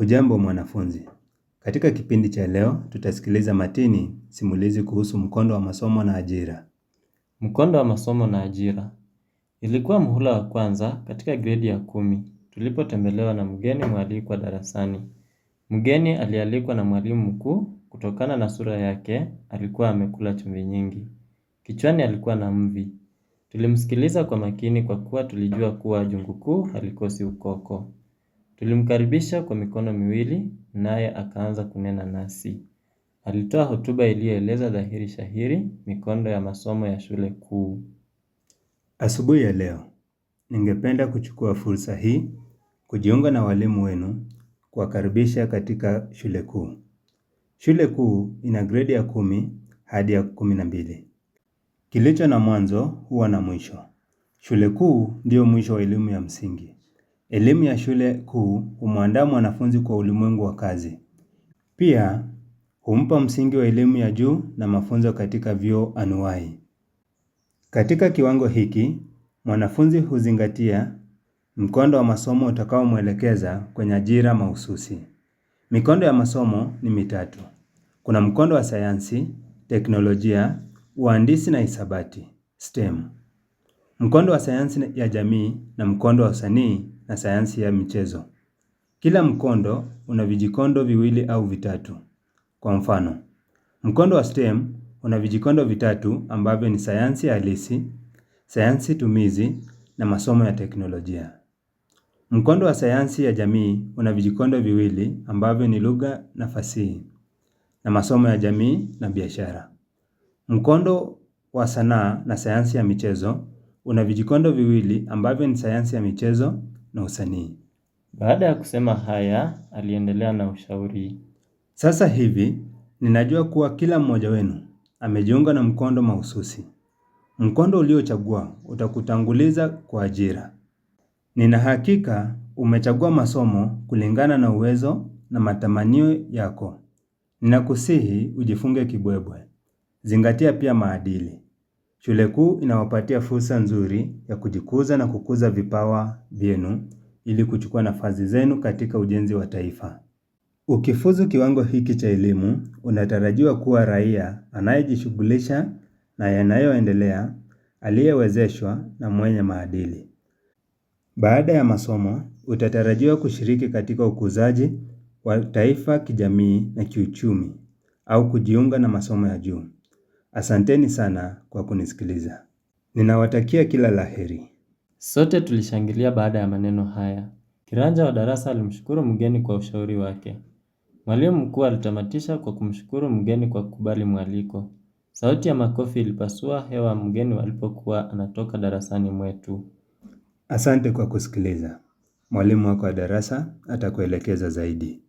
Hujambo mwanafunzi. Katika kipindi cha leo, tutasikiliza matini simulizi kuhusu mkondo wa masomo na ajira. Mkondo wa masomo na ajira. Ilikuwa muhula wa kwanza katika gredi ya kumi, tulipotembelewa na mgeni mwalikwa darasani. Mgeni alialikwa na mwalimu mkuu kutokana na sura yake, alikuwa amekula chumvi nyingi. Kichwani alikuwa na mvi. Tulimsikiliza kwa makini kwa kuwa tulijua kuwa jungu kuu halikosi ukoko. Tulimkaribisha kwa mikono miwili naye akaanza kunena nasi. Alitoa hotuba iliyoeleza dhahiri shahiri mikondo ya masomo ya shule kuu. Asubuhi ya leo, ningependa kuchukua fursa hii kujiunga na walimu wenu kuwakaribisha katika shule kuu. Shule kuu ina gredi ya kumi hadi ya kumi na mbili. Kilicho na mwanzo huwa na mwisho. Shule kuu ndiyo mwisho wa elimu ya msingi. Elimu ya shule kuu humwandaa mwanafunzi kwa ulimwengu wa kazi. Pia, humpa msingi wa elimu ya juu na mafunzo katika vyuo anuwai. Katika kiwango hiki, mwanafunzi huzingatia mkondo wa masomo utakaomwelekeza kwenye ajira mahususi. Mikondo ya masomo ni mitatu. Kuna mkondo wa sayansi, teknolojia, uhandisi na hisabati, STEM. Mkondo wa sayansi ya jamii na mkondo wa usanii na sayansi ya michezo. Kila mkondo una vijikondo viwili au vitatu. Kwa mfano, mkondo wa STEM una vijikondo vitatu ambavyo ni sayansi halisi, sayansi tumizi na masomo ya teknolojia. Mkondo wa sayansi ya jamii una vijikondo viwili ambavyo ni lugha na fasihi na masomo ya jamii na biashara. Mkondo wa sanaa na sayansi ya michezo una vijikondo viwili ambavyo ni sayansi ya michezo, na usanii. Baada ya kusema haya, aliendelea na ushauri. Sasa hivi ninajua kuwa kila mmoja wenu amejiunga na mkondo mahususi. Mkondo uliochagua utakutanguliza kwa ajira. Nina hakika umechagua masomo kulingana na uwezo na matamanio yako. Ninakusihi ujifunge kibwebwe. Zingatia pia maadili. Shule kuu inawapatia fursa nzuri ya kujikuza na kukuza vipawa vyenu ili kuchukua nafasi zenu katika ujenzi wa taifa. Ukifuzu kiwango hiki cha elimu, unatarajiwa kuwa raia anayejishughulisha na yanayoendelea, aliyewezeshwa na mwenye maadili. Baada ya masomo, utatarajiwa kushiriki katika ukuzaji wa taifa kijamii na kiuchumi au kujiunga na masomo ya juu. Asanteni sana kwa kunisikiliza. Ninawatakia kila laheri Sote tulishangilia baada ya maneno haya. Kiranja wa darasa alimshukuru mgeni kwa ushauri wake. Mwalimu mkuu alitamatisha kwa kumshukuru mgeni kwa kukubali mwaliko. Sauti ya makofi ilipasua hewa mgeni walipokuwa anatoka darasani mwetu. Asante kwa kusikiliza. Mwalimu wako wa darasa atakuelekeza zaidi.